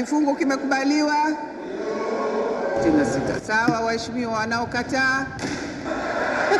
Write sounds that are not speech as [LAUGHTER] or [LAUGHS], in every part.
Kifungu kimekubaliwa sita Sawa, waheshimiwa wanaokataa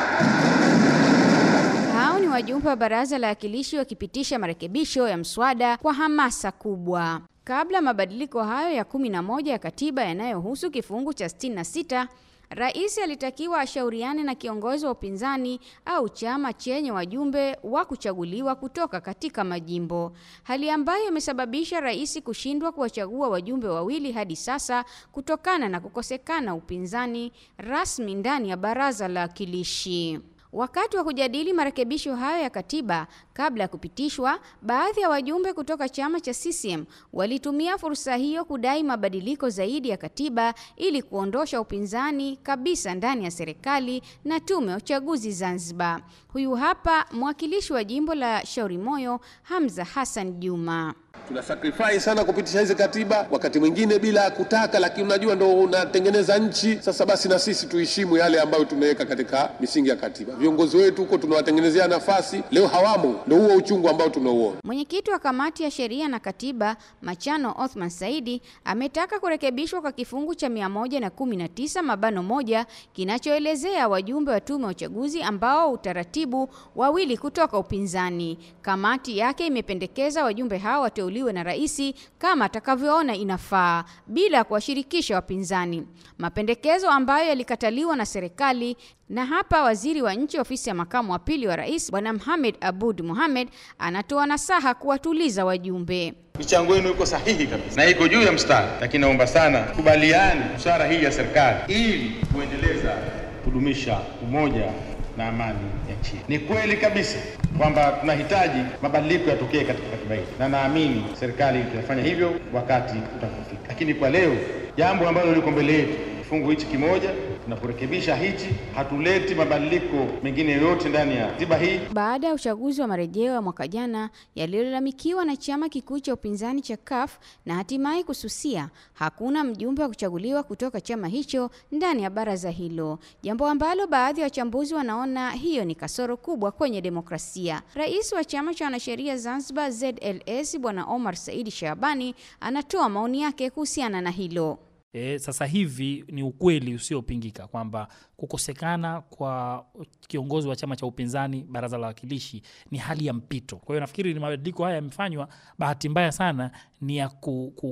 [LAUGHS] Hao ni wajumbe wa Baraza la wakilishi wakipitisha marekebisho ya mswada kwa hamasa kubwa. Kabla mabadiliko hayo ya kumi na moja ya katiba yanayohusu kifungu cha 66 Rais alitakiwa ashauriane na kiongozi wa upinzani au chama chenye wajumbe wa kuchaguliwa kutoka katika majimbo, hali ambayo imesababisha rais kushindwa kuwachagua wajumbe wawili hadi sasa kutokana na kukosekana upinzani rasmi ndani ya baraza la wakilishi. Wakati wa kujadili marekebisho hayo ya katiba kabla ya kupitishwa, baadhi ya wajumbe kutoka chama cha CCM walitumia fursa hiyo kudai mabadiliko zaidi ya katiba ili kuondosha upinzani kabisa ndani ya serikali na tume ya uchaguzi Zanzibar. Huyu hapa mwakilishi wa jimbo la Shauri Moyo, Hamza Hassan Juma tuna sacrifice sana kupitisha hizi katiba, wakati mwingine bila ya kutaka, lakini unajua ndo unatengeneza nchi. Sasa basi na sisi tuheshimu yale ambayo tumeweka katika misingi ya katiba. Viongozi wetu huko tunawatengenezea nafasi, leo hawamo, ndo huo uchungu ambao tunauona. Mwenyekiti wa kamati ya sheria na katiba Machano Othman Saidi ametaka kurekebishwa kwa kifungu cha 119 na kumi na tisa mabano moja kinachoelezea wajumbe wa tume ya uchaguzi ambao utaratibu wawili kutoka upinzani. Kamati yake imependekeza wajumbe hao ateuliwe na rais kama atakavyoona inafaa bila kuwashirikisha wapinzani, mapendekezo ambayo yalikataliwa na serikali. Na hapa waziri wa nchi ofisi ya makamu wa pili wa rais Bwana Mohamed Abud Mohamed anatoa nasaha kuwatuliza wajumbe. Michango yenu iko sahihi kabisa na iko juu ya mstari, lakini naomba sana kubaliani busara hii ya serikali ili kuendeleza kudumisha umoja na amani ya chini Ni kweli kabisa kwamba tunahitaji mabadiliko yatokee katika katiba hii, na naamini serikali itafanya hivyo wakati utakapofika, lakini kwa leo jambo ambalo liko mbele yetu kifungu hichi kimoja na kurekebisha hichi, hatuleti mabadiliko mengine yoyote ndani ya katiba hii. Baada ya uchaguzi wa marejeo ya mwaka jana yaliyolalamikiwa na chama kikuu cha upinzani cha CUF na hatimaye kususia, hakuna mjumbe wa kuchaguliwa kutoka chama hicho ndani ya baraza hilo, jambo ambalo baadhi ya wa wachambuzi wanaona hiyo ni kasoro kubwa kwenye demokrasia. Rais wa chama cha wanasheria Zanzibar ZLS Bwana Omar Saidi Shabani anatoa maoni yake kuhusiana na hilo. E, sasa hivi ni ukweli usiopingika kwamba kukosekana kwa kiongozi wa chama cha upinzani baraza la wawakilishi ni hali ya mpito. Kwa hiyo nafikiri ni mabadiliko haya yamefanywa, bahati mbaya sana ni ya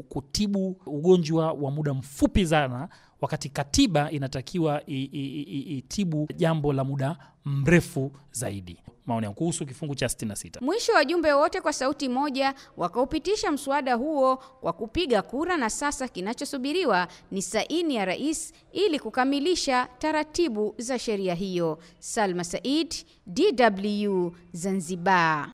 kutibu ugonjwa wa muda mfupi sana, wakati katiba inatakiwa itibu jambo la muda mrefu zaidi maoni yangu kuhusu kifungu cha 66. Mwisho wajumbe wote kwa sauti moja wakaupitisha mswada huo kwa kupiga kura, na sasa kinachosubiriwa ni saini ya rais ili kukamilisha taratibu za sheria hiyo. Salma Said, DW, Zanzibar.